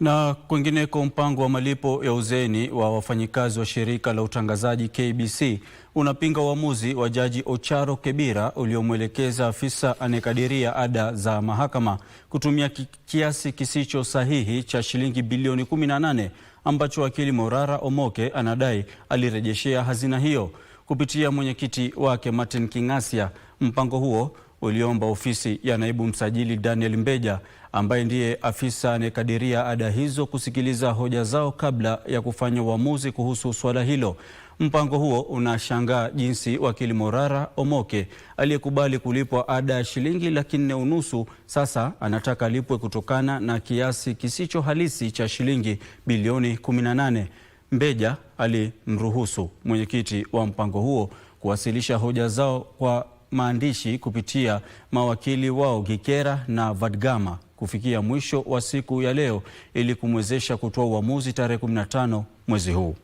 Na kwingineko, mpango wa malipo ya uzeni wa wafanyikazi wa shirika la utangazaji KBC unapinga uamuzi wa Jaji Ocharo Kebira uliomwelekeza afisa anayekadiria ada za mahakama kutumia kiasi kisicho sahihi cha shilingi bilioni 18 ambacho wakili Morara Omoke anadai alirejeshea hazina hiyo. Kupitia mwenyekiti wake Martin King'asia, mpango huo ulioomba ofisi ya naibu msajili Daniel Mbeja ambaye ndiye afisa anayekadiria ada hizo kusikiliza hoja zao kabla ya kufanya uamuzi kuhusu suala hilo. Mpango huo unashangaa jinsi wakili Morara Omoke aliyekubali kulipwa ada ya shilingi laki nne unusu sasa anataka alipwe kutokana na kiasi kisicho halisi cha shilingi bilioni 18. Mbeja alimruhusu mwenyekiti wa mpango huo kuwasilisha hoja zao kwa maandishi kupitia mawakili wao Gikera na Vadgama kufikia mwisho wa siku ya leo ili kumwezesha kutoa uamuzi tarehe 15 mwezi huu.